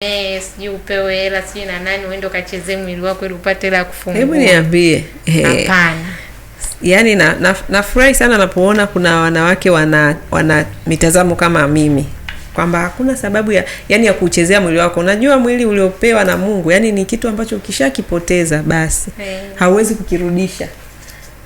Eh, sijui upewe hela sijui na nani uende mwili wako ili upate hela ya kufungua. Hebu niambie. Eh, Hapana. Yaani na, na, nafurahi sana napoona kuna wanawake wana wana mitazamo kama mimi kwamba hakuna sababu ya yani ya kuchezea mwili wako. Unajua mwili uliopewa na Mungu, yani ni kitu ambacho ukishakipoteza basi hey, eh. hauwezi kukirudisha.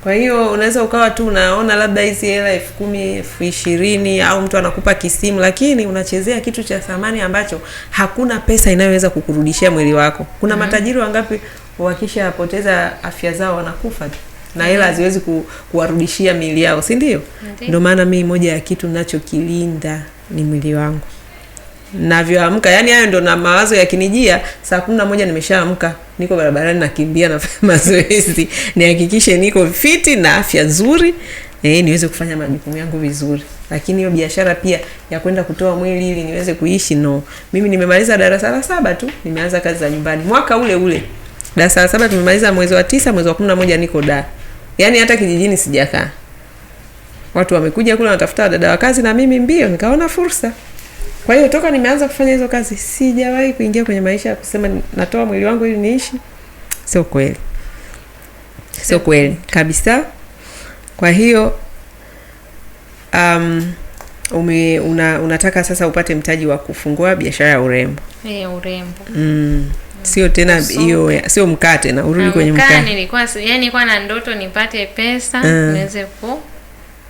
Kwa hiyo unaweza ukawa tu unaona labda hizi hela elfu kumi elfu ishirini au mtu anakupa kisimu, lakini unachezea kitu cha thamani ambacho hakuna pesa inayoweza kukurudishia mwili wako. Kuna mm -hmm. matajiri wangapi wakishapoteza afya zao wanakufa tu na hela mhm. haziwezi ku, kuwarudishia miili yao, si ndio? Ndio maana mimi moja ya kitu ninachokilinda ni mwili wangu navyoamka yani, hayo ndo na mawazo yakinijia, saa kumi na moja nimeshaamka, niko barabarani, nakimbia, nafanya mazoezi nihakikishe niko fiti na afya nzuri, eh, niweze kufanya majukumu yangu vizuri. Lakini hiyo biashara pia ya kwenda kutoa mwili ili niweze kuishi, no. Mimi nimemaliza darasa la saba tu, nimeanza kazi za nyumbani mwaka ule ule, darasa la saba tumemaliza mwezi wa tisa, mwezi wa kumi na moja niko da, yani hata kijijini sijakaa. Watu wamekuja kule wanatafuta wadada wa kazi, na mimi mbio nikaona fursa. Kwa hiyo toka nimeanza kufanya hizo kazi sijawahi kuingia kwenye maisha ya kusema natoa mwili wangu ili niishi. Sio kweli, sio kweli kabisa. Kwa hiyo um, ume, una, unataka sasa upate mtaji wa kufungua biashara ya urembo e, urembo mm. Sio tena hiyo, sio mkate na urudi ah, kwenye mkate. Nilikuwa yani, na ndoto nipate pesa eh. niweze ku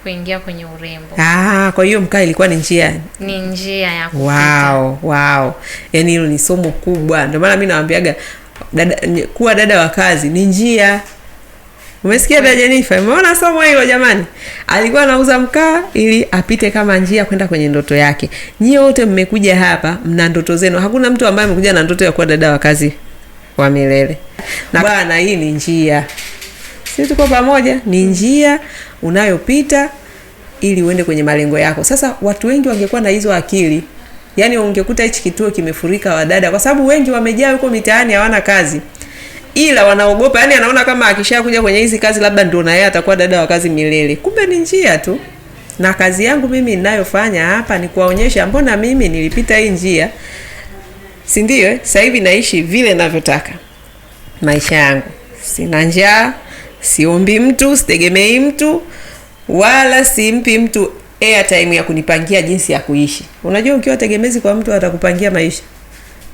kuingia kwenye urembo. Ah, kwa hiyo mkaa ilikuwa ni njia ni njia ya kupita. Wow, wow. Yaani hilo ni somo kubwa, ndio maana mimi nawaambiaga dada, kuwa dada wa kazi ni njia Umesikia dada Jenifa, umeona somo hilo jamani? Alikuwa anauza mkaa ili apite kama njia kwenda kwenye ndoto yake. Nyie wote mmekuja hapa mna ndoto zenu. Hakuna mtu ambaye amekuja na ndoto ya kuwa dada wa kazi wa milele. Na bwana, hii ni njia sisi tuko pamoja, ni njia unayopita ili uende kwenye malengo yako. Sasa watu wengi wangekuwa na hizo akili, yaani ungekuta hichi kituo kimefurika wadada, kwa sababu wengi wamejaa huko mitaani, hawana kazi ila wanaogopa, yani anaona kama akishakuja kwenye hizi kazi labda ndio na yeye atakuwa dada wa kazi milele. Kumbe ni njia tu, na kazi yangu mimi ninayofanya hapa ni kuwaonyesha mbona mimi nilipita hii njia, si ndio? Eh? Sasa hivi naishi vile ninavyotaka maisha yangu, sina njaa, siombi mtu, sitegemei mtu, wala simpi mtu airtime ya kunipangia jinsi ya kuishi. Unajua, ukiwa tegemezi kwa mtu atakupangia maisha,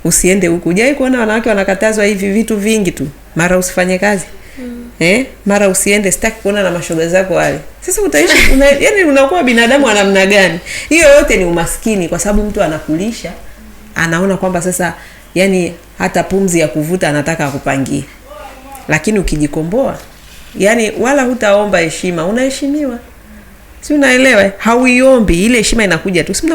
usiende huku. Hujai kuona wanawake wanakatazwa hivi vitu vingi tu, mara usifanye kazi mm. eh, mara usiende, sitaki kuona na mashoga zako wale. Sasa utaishi una, yani unakuwa binadamu wa namna gani? Hiyo yote ni umaskini, kwa sababu mtu anakulisha, anaona kwamba sasa, yani hata pumzi ya kuvuta anataka akupangie, lakini ukijikomboa yaani wala hutaomba heshima, unaheshimiwa. Si unaelewa? Hauiombi ile heshima, inakuja tu, si